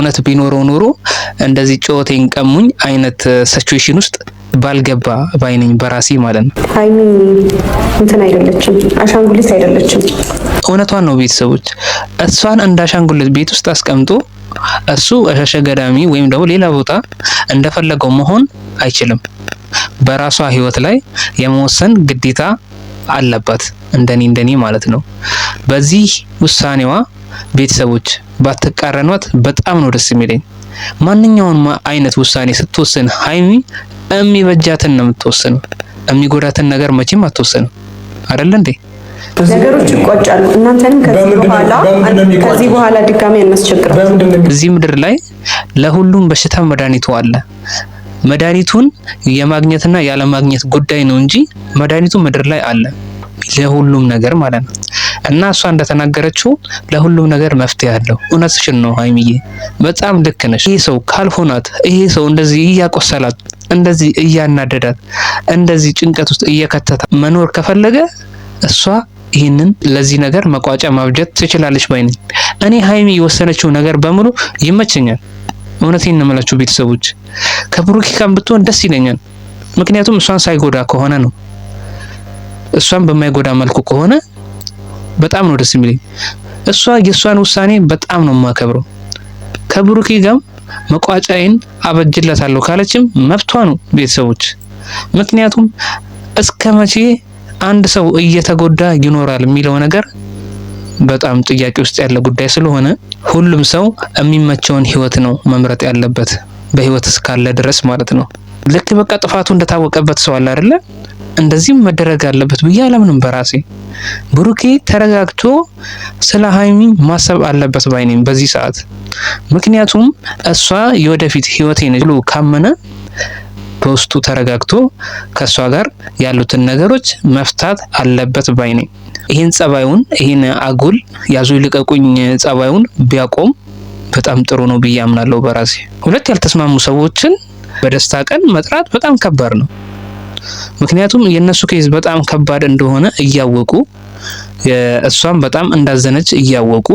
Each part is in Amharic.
እውነት ቢኖረው ኖሮ እንደዚህ ጨዋታን ቀሙኝ አይነት ሲቹዌሽን ውስጥ ባልገባ ባይነኝ በራሴ ማለት ነው። ሀይሚ እንትን አይደለችም፣ አሻንጉሊት አይደለችም። እውነቷን ነው። ቤተሰቦች እሷን እንደ አሻንጉሊት ቤት ውስጥ አስቀምጦ እሱ አሻሸ ገዳሚ ወይም ደግሞ ሌላ ቦታ እንደፈለገው መሆን አይችልም። በራሷ ህይወት ላይ የመወሰን ግዴታ አለባት። እንደኔ እንደኔ ማለት ነው። በዚህ ውሳኔዋ ቤተሰቦች ባትቃረኗት በጣም ነው ደስ የሚለኝ። ማንኛውንም አይነት ውሳኔ ስትወስን ሀይሚ የሚበጃትን ነው የምትወስን። የሚጎዳትን ነገር መቼም አትወስንም። አይደለ እንዴ? ነገሮች ይቋጫሉ። እናንተንም ከዚህ በኋላ ከዚህ በኋላ ድጋሚ አናስቸግራችሁ። እዚህ ምድር ላይ ለሁሉም በሽታ መድኃኒቱ አለ። መድኃኒቱን የማግኘትና ያለማግኘት ጉዳይ ነው እንጂ መድኃኒቱ ምድር ላይ አለ። ለሁሉም ነገር ማለት ነው። እና እሷ እንደተናገረችው ለሁሉም ነገር መፍትሄ አለው። እውነትሽን ነው ሀይሚዬ፣ በጣም ልክ ነሽ። ይሄ ሰው ካልሆናት፣ ይሄ ሰው እንደዚህ እያቆሰላት፣ እንደዚህ እያናደዳት፣ እንደዚህ ጭንቀት ውስጥ እየከተታ መኖር ከፈለገ እሷ ይህንን ለዚህ ነገር መቋጫ ማብጀት ትችላለች ባይ ነኝ። እኔ ሀይሚ የወሰነችው ነገር በሙሉ ይመቸኛል። እውነቴን ነው የምላችሁ ቤተሰቦች፣ ከብሩኪ ጋር ብትሆን ደስ ይለኛል። ምክንያቱም እሷን ሳይጎዳ ከሆነ ነው እሷን በማይጎዳ መልኩ ከሆነ በጣም ነው ደስ የሚለኝ። እሷ የእሷን ውሳኔ በጣም ነው የማከብረው። ከብሩኪ ጋር መቋጫዬን አበጅላታለሁ ካለችም መብቷ ነው ቤተሰቦች። ምክንያቱም እስከ መቼ አንድ ሰው እየተጎዳ ይኖራል የሚለው ነገር በጣም ጥያቄ ውስጥ ያለ ጉዳይ ስለሆነ ሁሉም ሰው የሚመቸውን ህይወት ነው መምረጥ ያለበት በህይወት እስካለ ድረስ ማለት ነው። ልክ በቃ ጥፋቱ እንደታወቀበት ሰው አለ አይደለ? እንደዚህም መደረግ አለበት ብዬ አላምንም። በራሴ ብሩኬ ተረጋግቶ ስለ ሀይሚ ማሰብ አለበት ባይኔም በዚህ ሰዓት። ምክንያቱም እሷ የወደፊት ህይወቴ ነች ብሎ ካመነ በውስጡ ተረጋግቶ ከእሷ ጋር ያሉትን ነገሮች መፍታት አለበት ባይኔ። ይህን ጸባዩን ይህን አጉል ያዙ ይልቀቁኝ ጸባዩን ቢያቆም በጣም ጥሩ ነው ብዬ አምናለሁ በራሴ። ሁለት ያልተስማሙ ሰዎችን በደስታ ቀን መጥራት በጣም ከባድ ነው። ምክንያቱም የእነሱ ኬዝ በጣም ከባድ እንደሆነ እያወቁ እሷም በጣም እንዳዘነች እያወቁ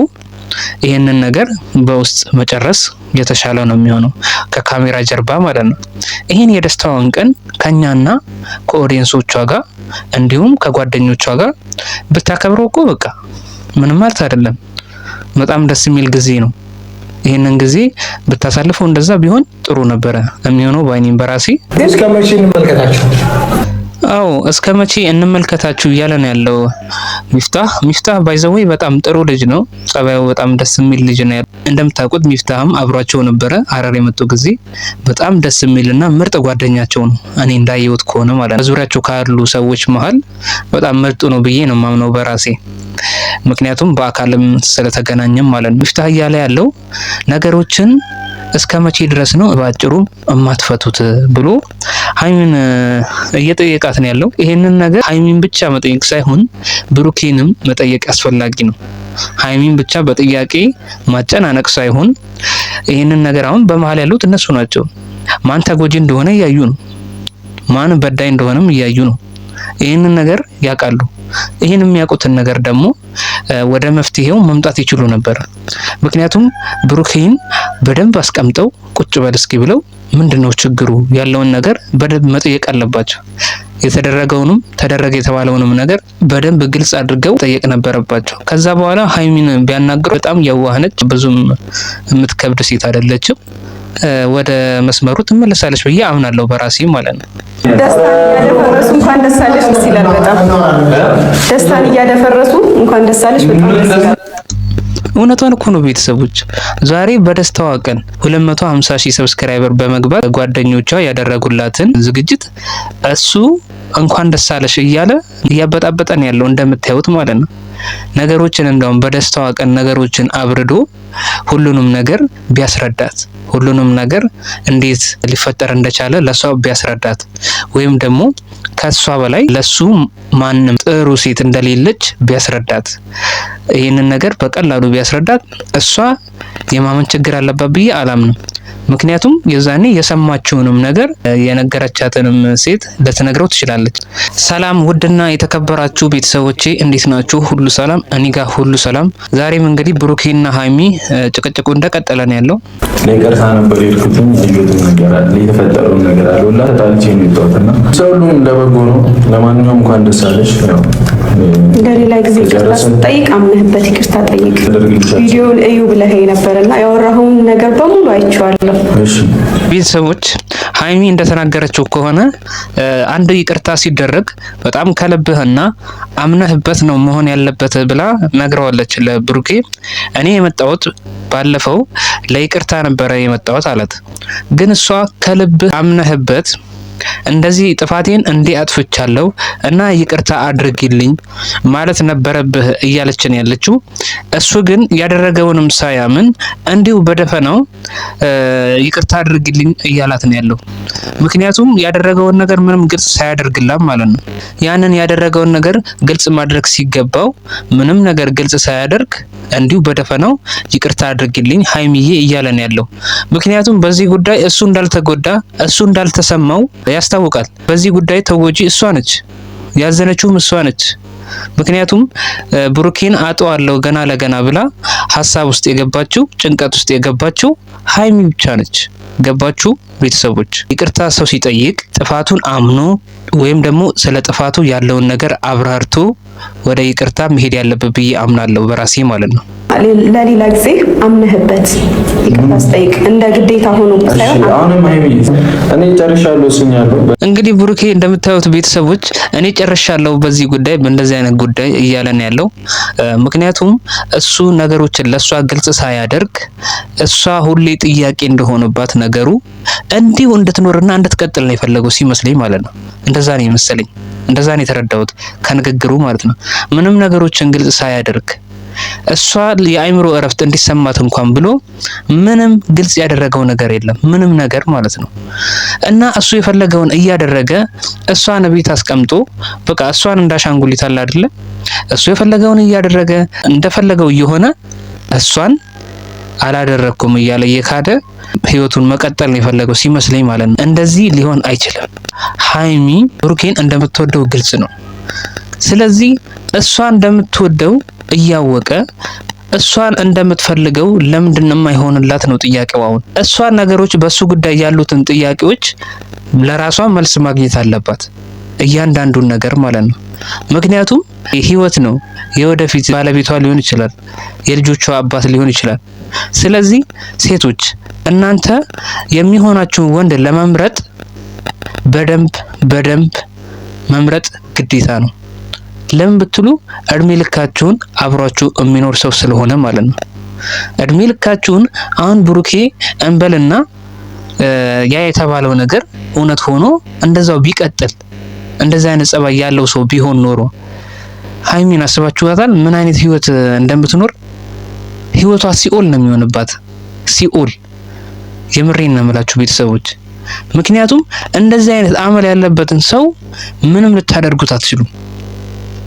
ይህንን ነገር በውስጥ መጨረስ የተሻለ ነው የሚሆነው ከካሜራ ጀርባ ማለት ነው። ይህን የደስታዋን ቀን ከኛና ከኦዲየንሶቿ ጋር እንዲሁም ከጓደኞቿ ጋር ብታከብረው እኮ በቃ ምንም ማለት አይደለም። በጣም ደስ የሚል ጊዜ ነው። ይህንን ጊዜ ብታሳልፈው እንደዛ ቢሆን ጥሩ ነበረ የሚሆነው ባይኔም በራሴ ግን እስከ መቼ እንመልከታቸው አዎ እስከ መቼ እንመልከታችሁ እያለ ነው ያለው ሚፍታህ። ሚፍታህ ባይዘዌ በጣም ጥሩ ልጅ ነው። ጸባዩ በጣም ደስ የሚል ልጅ ነው። እንደምታውቁት ሚፍታህም አብሯቸው ነበረ ሀረር የመጡ ጊዜ። በጣም ደስ የሚልና ምርጥ ጓደኛቸው ነው፣ እኔ እንዳየሁት ከሆነ ማለት ነው። ዙሪያቸው ካሉ ሰዎች መሀል በጣም ምርጡ ነው ብዬ ነው ማምነው በራሴ ምክንያቱም በአካልም ስለተገናኘም ማለት ነው። ሚፍታህ እያለ ያለው ነገሮችን እስከ መቼ ድረስ ነው ባጭሩ እማትፈቱት ብሎ ሀይሚን እየጠየቃት ነው ያለው። ይሄንን ነገር ሀይሚን ብቻ መጠየቅ ሳይሆን ብሩኬንም መጠየቅ አስፈላጊ ነው። ሀይሚን ብቻ በጥያቄ ማጨናነቅ ሳይሆን ይሄንን ነገር አሁን በመሀል ያሉት እነሱ ናቸው። ማን ተጎጂ እንደሆነ እያዩ ነው። ማን በዳይ እንደሆነም እያዩ ነው። ይህንን ነገር ያውቃሉ። ይህን የሚያውቁትን ነገር ደግሞ ወደ መፍትሄው መምጣት ይችሉ ነበር። ምክንያቱም ብሩኬን በደንብ አስቀምጠው ቁጭ በል እስኪ ብለው ምንድን ነው ችግሩ ያለውን ነገር በደንብ መጠየቅ አለባቸው። የተደረገውንም ተደረገ የተባለውንም ነገር በደንብ ግልጽ አድርገው ጠየቅ ነበረባቸው። ከዛ በኋላ ሀይሚን ቢያናግሩ በጣም የዋህነች ብዙም የምትከብድ ሴት አይደለችም። ወደ መስመሩ ትመለሳለች ብዬ አምናለሁ በራሴ ማለት ነው። እንኳን ደስ ደስታን እያደፈረሱ እንኳን ደሳለች በጣም ደስ ይላል። እውነቷን እኮ ነው ቤተሰቦች። ዛሬ በደስታዋ ቀን 250 ሺህ ሰብስክራይበር በመግባት ጓደኞቿ ያደረጉላትን ዝግጅት እሱ እንኳን ደስ አለሽ እያለ እያበጣበጠን ያለው እንደምታዩት ማለት ነው። ነገሮችን እንደውም በደስታዋ ቀን ነገሮችን አብርዶ ሁሉንም ነገር ቢያስረዳት ሁሉንም ነገር እንዴት ሊፈጠር እንደቻለ ለሷ ቢያስረዳት ወይም ደግሞ ከእሷ በላይ ለሱ ማንም ጥሩ ሴት እንደሌለች ቢያስረዳት፣ ይህንን ነገር በቀላሉ ቢያስረዳት እሷ የማመን ችግር አለባት ብዬ አላምንም። ምክንያቱም የዛኔ የሰማችውንም ነገር የነገረቻትንም ሴት ልትነግረው ትችላለች። ሰላም ውድና የተከበራችሁ ቤተሰቦቼ እንዴት ናችሁ? ሁሉ ሰላም፣ እኔ ጋር ሁሉ ሰላም። ዛሬም እንግዲህ ብሩኬና ሀይሚ ጭቅጭቁ እንደቀጠለ ነው ያለው። ለይቅርታ ነበር የሄድኩትም ነገር አለ የተፈጠረውን ነገር አለ ሁላ ተጣልቼ ነው የወጣሁት እና ሰው ሁሉም በጎ ነው። ለማንኛውም እንኳን ደስ አለሽ። ለሌላ ጊዜ ይቅርታ ስጠይቅ አምነህበት ይቅርታ ጠይቅ። ቪዲዮውን እዩ ብለህ ነበርና ያወራኸውን ነገር በሙሉ አይቼዋለሁ። ቤተሰቦች ሀይሚ እንደተናገረችው ከሆነ አንድ ይቅርታ ሲደረግ በጣም ከልብህና አምነህበት ነው መሆን ያለበት ብላ ነግረዋለች ለብሩኬ። እኔ የመጣሁት ባለፈው ለይቅርታ ነበረ የመጣሁት አላት። ግን እሷ ከልብህ አምነህበት እንደዚህ ጥፋቴን እንዲህ አጥፍቻለሁ እና ይቅርታ አድርጊልኝ ማለት ነበረብህ እያለችን ያለችው። እሱ ግን ያደረገውንም ሳያምን እንዲሁ በደፈናው ይቅርታ አድርጊልኝ እያላት ነው ያለው። ምክንያቱም ያደረገውን ነገር ምንም ግልጽ ሳያደርግላት ማለት ነው። ያንን ያደረገውን ነገር ግልጽ ማድረግ ሲገባው ምንም ነገር ግልጽ ሳያደርግ እንዲሁ በደፈናው ይቅርታ አድርግልኝ ሀይሚዬ እያለን ያለው። ምክንያቱም በዚህ ጉዳይ እሱ እንዳልተጎዳ እሱ እንዳልተሰማው ያስታውቃል። በዚህ ጉዳይ ተጎጂ እሷ ነች፣ ያዘነችውም እሷ ነች። ምክንያቱም ብሩኬን አጠዋለሁ ገና ለገና ብላ ሀሳብ ውስጥ የገባችው ጭንቀት ውስጥ የገባችው ሀይሚ ብቻ ነች። ገባችሁ ቤተሰቦች? ይቅርታ ሰው ሲጠይቅ ጥፋቱን አምኖ ወይም ደግሞ ስለ ጥፋቱ ያለውን ነገር አብራርቶ ወደ ይቅርታ መሄድ ያለበት ብዬ አምናለሁ በራሴ ማለት ነው። ለሌላ ጊዜ አምነህበት ይቅርታ ስጠይቅ እንደ ግዴታ ሆኖ እኔ ጨርሻለሁ ስኛለሁ። እንግዲህ ብሩኬ እንደምታዩት ቤተሰቦች እኔ ጨርሻለሁ በዚህ ጉዳይ በእንደዚህ አይነት ጉዳይ እያለን ያለው ምክንያቱም እሱ ነገሮችን ለእሷ ግልጽ ሳያደርግ እሷ ሁሌ ጥያቄ እንደሆነባት ነገሩ እንዲሁ እንድትኖርና እንድትቀጥል ነው የፈለገው ሲመስለኝ ማለት ነው። እንደዛ ነው የመሰለኝ፣ እንደዛ ነው የተረዳሁት ከንግግሩ ማለት ነው። ነው። ምንም ነገሮችን ግልጽ ሳያደርግ እሷ የአእምሮ እረፍት እንዲሰማት እንኳን ብሎ ምንም ግልጽ ያደረገው ነገር የለም። ምንም ነገር ማለት ነው። እና እሱ የፈለገውን እያደረገ እሷን ቤት አስቀምጦ በቃ እሷን እንዳሻንጉሊት አለ አይደለ? እሱ የፈለገውን እያደረገ እንደፈለገው እየሆነ እሷን አላደረግኩም እያለ እየካደ ህይወቱን መቀጠል ነው የፈለገው ሲመስለኝ ማለት ነው። እንደዚህ ሊሆን አይችልም። ሀይሚ ብሩኬን እንደምትወደው ግልጽ ነው። ስለዚህ እሷ እንደምትወደው እያወቀ እሷን እንደምትፈልገው ለምንድን የማይሆንላት ነው ጥያቄው። አሁን እሷን ነገሮች በሱ ጉዳይ ያሉትን ጥያቄዎች ለራሷ መልስ ማግኘት አለባት፣ እያንዳንዱን ነገር ማለት ነው። ምክንያቱም የህይወት ነው የወደፊት ባለቤቷ ሊሆን ይችላል፣ የልጆቿ አባት ሊሆን ይችላል። ስለዚህ ሴቶች እናንተ የሚሆናችሁን ወንድ ለመምረጥ በደንብ በደንብ መምረጥ ግዴታ ነው። ለምን ብትሉ እድሜ ልካችሁን አብሯችሁ የሚኖር ሰው ስለሆነ ማለት ነው። እድሜ ልካችሁን አሁን ብሩኬ እንበልና ያ የተባለው ነገር እውነት ሆኖ እንደዛው ቢቀጥል እንደዛ አይነት ጸባይ ያለው ሰው ቢሆን ኖሮ ሀይሚን አስባችኋታል? ምን አይነት ህይወት እንደምትኖር ህይወቷ ሲኦል ነው የሚሆንባት። ሲኦል የምሬን ነው የምላችሁ ቤተሰቦች ምክንያቱም እንደዚህ አይነት አመል ያለበትን ሰው ምንም ልታደርጉት አትችሉም።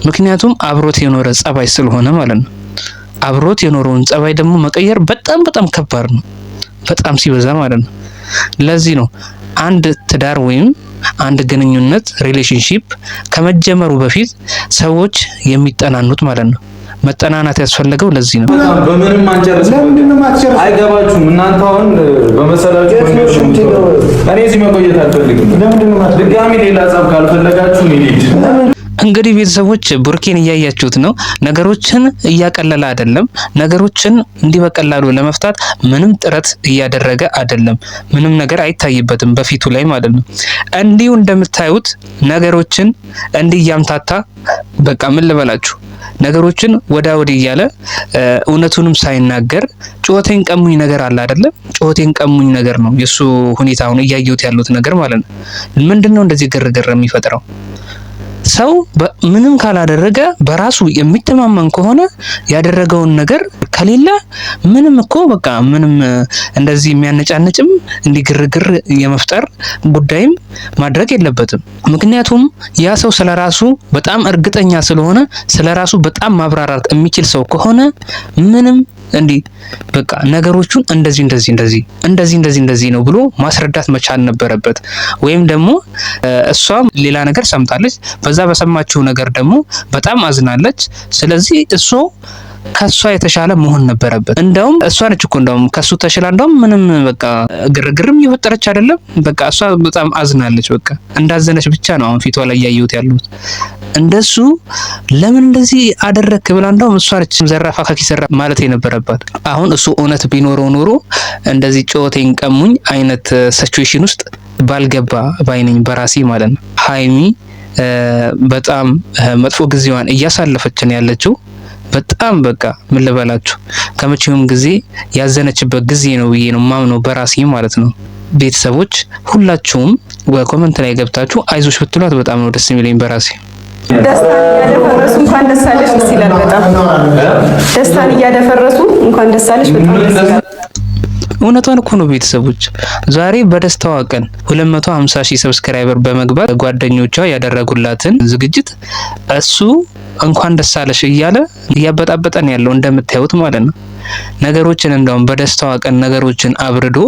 ምክንያቱም አብሮት የኖረ ጸባይ ስለሆነ ማለት ነው። አብሮት የኖረውን ጸባይ ደግሞ መቀየር በጣም በጣም ከባድ ነው፣ በጣም ሲበዛ ማለት ነው። ለዚህ ነው አንድ ትዳር ወይም አንድ ግንኙነት ሪሌሽንሺፕ ከመጀመሩ በፊት ሰዎች የሚጠናኑት ማለት ነው። መጠናናት ያስፈለገው ለዚህ ነው። በምንም አይገባችሁም እናንተ አሁን በመሰላችሁ እኔ እዚህ መቆየት አልፈልግም። ድጋሚ ሌላ ጸብ ካልፈለጋችሁ እንግዲህ ቤተሰቦች ቡርኬን እያያችሁት ነው። ነገሮችን እያቀለለ አይደለም። ነገሮችን እንዲህ በቀላሉ ለመፍታት ምንም ጥረት እያደረገ አይደለም። ምንም ነገር አይታይበትም በፊቱ ላይ ማለት ነው። እንዲሁ እንደምታዩት ነገሮችን እንዲህ እያምታታ በቃ ምን ልበላችሁ ነገሮችን ወዳ ወዲ እያለ እውነቱንም ሳይናገር ጩኸቴን ቀሙኝ ነገር አለ አይደለም። ጩኸቴን ቀሙኝ ነገር ነው የእሱ ሁኔታ አሁን እያየሁት ያሉት ነገር ማለት ነው። ምንድን ነው እንደዚህ ግርግር የሚፈጥረው? ሰው ምንም ካላደረገ በራሱ የሚተማመን ከሆነ ያደረገውን ነገር ከሌለ ምንም እኮ በቃ ምንም እንደዚህ የሚያነጫንጭም እንዲህ ግርግር የመፍጠር ጉዳይም ማድረግ የለበትም። ምክንያቱም ያ ሰው ስለ ራሱ በጣም እርግጠኛ ስለሆነ ስለ ራሱ በጣም ማብራራት የሚችል ሰው ከሆነ ምንም እንዲህ በቃ ነገሮቹን እንደዚህ እንደዚህ እንደዚህ እንደዚህ እንደዚህ እንደዚህ ነው ብሎ ማስረዳት መቻል ነበረበት። ወይም ደግሞ እሷም ሌላ ነገር ሰምታለች በዛ በሰማችው ነገር ደግሞ በጣም አዝናለች። ስለዚህ እሱ ከሷ የተሻለ መሆን ነበረበት። እንደውም እሷ ነች እኮ እንደውም ከሱ ተሽላ እንደውም ምንም በቃ ግርግርም እየፈጠረች አይደለም። በቃ እሷ በጣም አዝናለች። በቃ እንዳዘነች ብቻ ነው አሁን ፊቷ ላይ እያየሁት ያለሁት። እንደሱ ለምን እንደዚህ አደረክ ብላ እንደውም እሷ ነች ዘራፋ ሰራ ማለት የነበረባት። አሁን እሱ እውነት ቢኖረው ኖሮ እንደዚህ ጨዋታዬን ቀሙኝ አይነት ሲቹዌሽን ውስጥ ባልገባ ባይነኝ በራሴ ማለት ነው ሀይሚ በጣም መጥፎ ጊዜዋን እያሳለፈችን ያለችው በጣም በቃ ምን ልበላችሁ ከመቼውም ጊዜ ያዘነችበት ጊዜ ነው ብዬ ነው ማምነው በራሴ ማለት ነው። ቤተሰቦች ሁላችሁም በኮመንት ላይ ገብታችሁ አይዞች ብትሏት በጣም ነው ደስ የሚለኝ በራሴ። ደስታን እያደፈረሱ እንኳን ደሳለሽ ደስ ይላል። በጣም ደስታን እያደፈረሱ እንኳን ደሳለሽ በጣም ደስ ይላል። እውነቷን እኮ ነው ቤተሰቦች። ዛሬ በደስታዋ ቀን 250 ሺህ ሰብስክራይበር በመግባት ጓደኞቿ ያደረጉላትን ዝግጅት እሱ እንኳን ደስ አለሽ እያለ እያበጣበጠን ያለው እንደምታዩት ማለት ነው። ነገሮችን እንደውም በደስታዋ ቀን ነገሮችን አብርዶ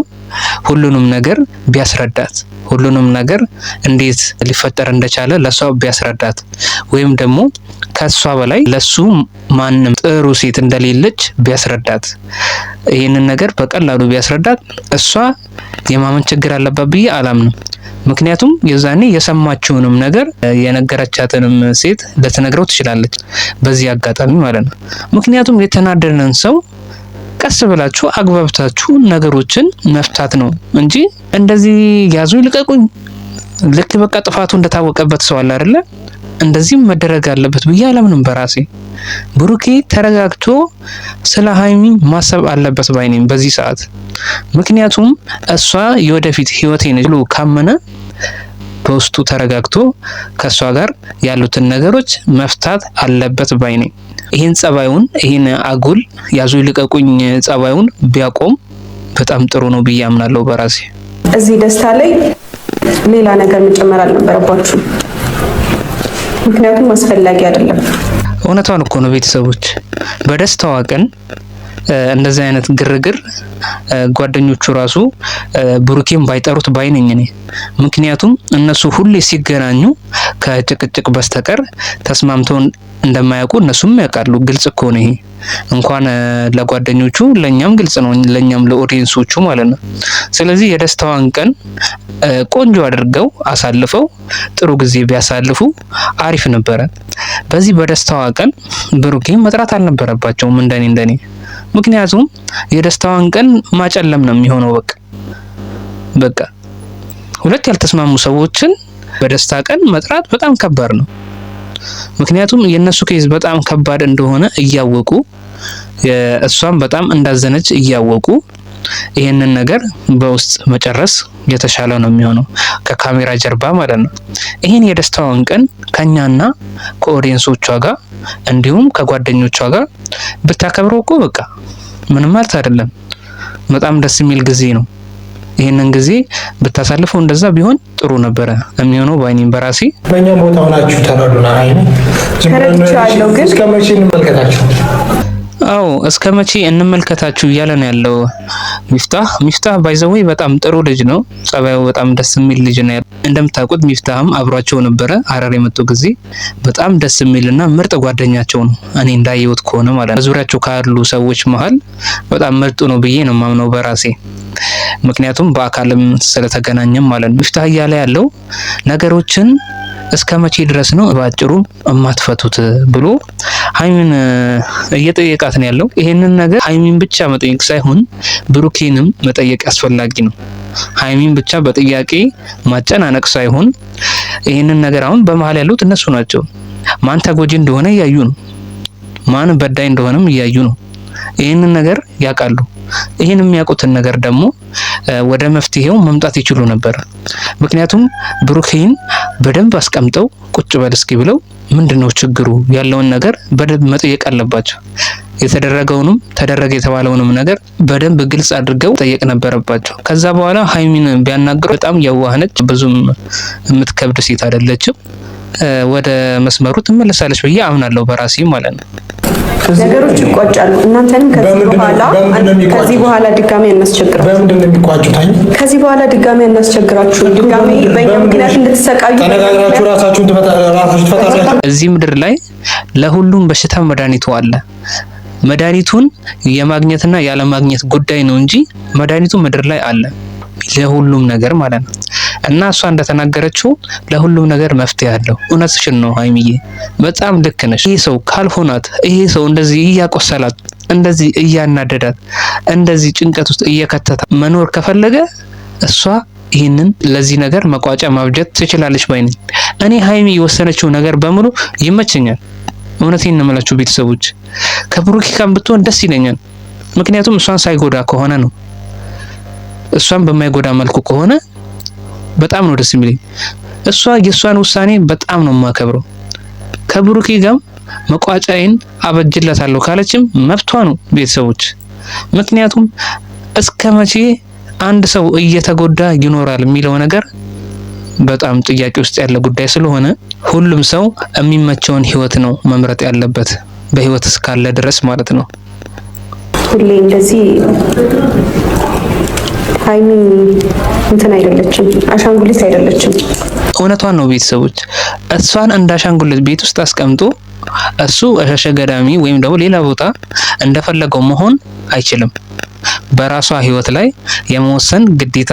ሁሉንም ነገር ቢያስረዳት ሁሉንም ነገር እንዴት ሊፈጠር እንደቻለ ለሷ ቢያስረዳት ወይም ደግሞ ከሷ በላይ ለሱ ማንም ጥሩ ሴት እንደሌለች ቢያስረዳት ይህንን ነገር በቀላሉ ቢያስረዳት እሷ የማመን ችግር አለባት ብዬ አላምንም። ምክንያቱም የዛኔ የሰማችውንም ነገር የነገረቻትንም ሴት ልትነግረው ትችላለች፣ በዚህ አጋጣሚ ማለት ነው። ምክንያቱም የተናደደን ሰው ቀስ ብላችሁ አግባብታችሁ ነገሮችን መፍታት ነው እንጂ እንደዚህ ያዙ ይልቀቁኝ፣ ልክ በቃ ጥፋቱ እንደታወቀበት ሰው አለ አይደለ? እንደዚህም መደረግ አለበት ብዬ አላምንም በራሴ። ብሩኬ ተረጋግቶ ስለ ሀይሚ ማሰብ አለበት ባይኔም በዚህ ሰዓት። ምክንያቱም እሷ የወደፊት ህይወቴ ነች ብሎ ካመነ በውስጡ ተረጋግቶ ከእሷ ጋር ያሉትን ነገሮች መፍታት አለበት ባይኔ ይህን ጸባዩን ይህን አጉል ያዙ ይልቀቁኝ ጸባዩን ቢያቆም በጣም ጥሩ ነው ብዬ አምናለሁ በራሴ። እዚህ ደስታ ላይ ሌላ ነገር መጨመር አልነበረባችሁ፣ ምክንያቱም አስፈላጊ አይደለም። እውነቷን እኮ ነው ቤተሰቦች በደስታዋ ቀን እንደዚህ አይነት ግርግር ጓደኞቹ ራሱ ብሩኬን ባይጠሩት ባይነኝ እኔ። ምክንያቱም እነሱ ሁሌ ሲገናኙ ከጭቅጭቅ በስተቀር ተስማምተው እንደማያውቁ እነሱም ያውቃሉ። ግልጽ እኮ ነው ይሄ። እንኳን ለጓደኞቹ ለኛም ግልጽ ነው፣ ለኛም ለኦዲየንሶቹ ማለት ነው። ስለዚህ የደስታዋን ቀን ቆንጆ አድርገው አሳልፈው ጥሩ ጊዜ ቢያሳልፉ አሪፍ ነበረ። በዚህ በደስታዋ ቀን ብሩኬን መጥራት አልነበረባቸውም እንደኔ እንደኔ ምክንያቱም የደስታዋን ቀን ማጨለም ነው የሚሆነው። በቃ በቃ ሁለት ያልተስማሙ ሰዎችን በደስታ ቀን መጥራት በጣም ከባድ ነው። ምክንያቱም የእነሱ ኬዝ በጣም ከባድ እንደሆነ እያወቁ እሷም በጣም እንዳዘነች እያወቁ ይህንን ነገር በውስጥ መጨረስ የተሻለ ነው የሚሆነው ከካሜራ ጀርባ ማለት ነው። ይህን የደስታዋን ቀን ከእኛና ከኦዲየንሶቿ ጋር እንዲሁም ከጓደኞቿ ጋር ብታከብረው እኮ በቃ ምንም ማለት አይደለም። በጣም ደስ የሚል ጊዜ ነው። ይህንን ጊዜ ብታሳልፈው እንደዛ ቢሆን ጥሩ ነበረ የሚሆነው በአይኔም በራሴ በእኛ ቦታ ሆናችሁ ተረዱና፣ አይ እስከ መቼ እንመልከታቸው? አዎ እስከ መቼ እንመልከታችሁ እያለ ነው ያለው ሚፍታህ። ሚፍታህ ባይዘወይ በጣም ጥሩ ልጅ ነው። ጸባዩ በጣም ደስ የሚል ልጅ ነው። እንደምታውቁት ሚፍታህም አብሯቸው ነበረ ሀረር የመጡ ጊዜ። በጣም ደስ የሚልና ምርጥ ጓደኛቸው ነው። እኔ እንዳየሁት ከሆነ ማለት ነው። በዙሪያቸው ካሉ ሰዎች መሀል በጣም ምርጡ ነው ብዬ ነው ማምነው በራሴ ምክንያቱም በአካልም ስለተገናኘም ማለት ነው። ሚፍታህ እያለ ያለው ነገሮችን እስከ መቼ ድረስ ነው ባጭሩ እማትፈቱት ብሎ ሀይሚን እየጠየቃት ነው ያለው። ይሄንን ነገር ሀይሚን ብቻ መጠየቅ ሳይሆን ብሩኬንም መጠየቅ አስፈላጊ ነው። ሀይሚን ብቻ በጥያቄ ማጨናነቅ ሳይሆን ይህንን ነገር አሁን በመሀል ያሉት እነሱ ናቸው። ማን ተጎጂ እንደሆነ እያዩ ነው። ማን በዳይ እንደሆነም እያዩ ነው። ይህንን ነገር ያውቃሉ። ይህን የሚያውቁትን ነገር ደግሞ ወደ መፍትሄው መምጣት ይችሉ ነበር። ምክንያቱም ብሩኬን በደንብ አስቀምጠው ቁጭ በል እስኪ ብለው ምንድነው ችግሩ ያለውን ነገር በደንብ መጠየቅ አለባቸው። የተደረገውንም ተደረገ የተባለውንም ነገር በደንብ ግልጽ አድርገው ጠየቅ ነበረባቸው። ከዛ በኋላ ሀይሚን ቢያናግሩ በጣም የዋህነች ብዙም የምትከብድ ሴት አይደለችም። ወደ መስመሩ ትመለሳለች ብዬ አምናለሁ በራሴ ማለት ነው። ነገሮች ይቋጫሉ። እናንተንም ከዚህ በኋላ ከዚህ በኋላ ድጋሚ አናስቸግራችሁ። በምንድን ነው የሚቋጩት? ከዚህ በኋላ ድጋሚ አናስቸግራችሁ። ድጋሚ በእኛ ምክንያት እንድትሰቃዩ ተነጋግራችሁ ራሳችሁን ትፈታላችሁ። እዚህ ምድር ላይ ለሁሉም በሽታ መድኃኒቱ አለ። መድኃኒቱን የማግኘትና ያለማግኘት ጉዳይ ነው እንጂ መድኃኒቱ ምድር ላይ አለ ለሁሉም ነገር ማለት ነው። እና እሷ እንደተናገረችው ለሁሉም ነገር መፍትሄ አለው። እውነትሽን ነው ሀይሚዬ፣ በጣም ልክ ነሽ። ይህ ሰው ካልሆናት፣ ይሄ ሰው እንደዚህ እያቆሰላት፣ እንደዚህ እያናደዳት፣ እንደዚህ ጭንቀት ውስጥ እየከተታ መኖር ከፈለገ እሷ ይህንን ለዚህ ነገር መቋጫ ማብጀት ትችላለች ባይ ነኝ። እኔ ሀይሚ የወሰነችው ነገር በሙሉ ይመቸኛል። እውነቴን ነው የምላችሁ ቤተሰቦች፣ ከብሩኪ ጋር ብትሆን ደስ ይለኛል። ምክንያቱም እሷን ሳይጎዳ ከሆነ ነው እሷን በማይጎዳ መልኩ ከሆነ በጣም ነው ደስ የሚለኝ። እሷ የእሷን ውሳኔ በጣም ነው የማከብረው። ከብሩኬ ጋር መቋጫዬን አበጅላታለሁ ካለችም መብቷ ነው ቤተሰቦች። ምክንያቱም እስከ መቼ አንድ ሰው እየተጎዳ ይኖራል የሚለው ነገር በጣም ጥያቄ ውስጥ ያለ ጉዳይ ስለሆነ ሁሉም ሰው የሚመቸውን ህይወት ነው መምረጥ ያለበት በህይወት እስካለ ድረስ ማለት ነው። ሁሌ እንደዚህ ሀይሚ እንትን አይደለችም፣ አሻንጉሊት አይደለችም። እውነቷን ነው ቤተሰቦች። እሷን እንደ አሻንጉሊት ቤት ውስጥ አስቀምጦ እሱ እሸሸ ገዳሚ ወይም ደግሞ ሌላ ቦታ እንደፈለገው መሆን አይችልም። በራሷ ህይወት ላይ የመወሰን ግዴታ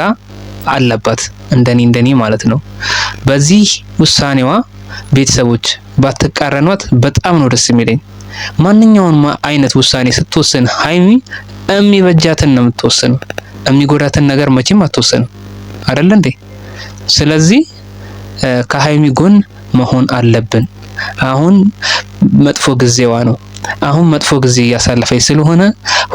አለባት፣ እንደኔ እንደኔ ማለት ነው። በዚህ ውሳኔዋ ቤተሰቦች ባትቃረኗት በጣም ነው ደስ የሚለኝ። ማንኛውም አይነት ውሳኔ ስትወስን ሀይሚ የሚበጃትን ነው የምትወስነው። የሚጎዳትን ነገር መቼም አትወስንም። አይደል እንዴ? ስለዚህ ከሀይሚ ጎን መሆን አለብን። አሁን መጥፎ ጊዜዋ ነው። አሁን መጥፎ ጊዜ እያሳለፈች ስለሆነ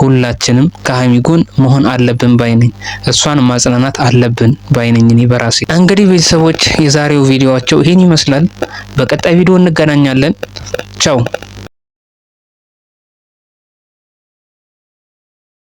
ሁላችንም ከሀይሚ ጎን መሆን አለብን ባይነኝ፣ እሷን ማጽናናት አለብን ባይነኝ እኔ በራሴ። እንግዲህ ቤተሰቦች የዛሬው ቪዲዮአቸው ይህን ይመስላል። በቀጣይ ቪዲዮ እንገናኛለን። ቻው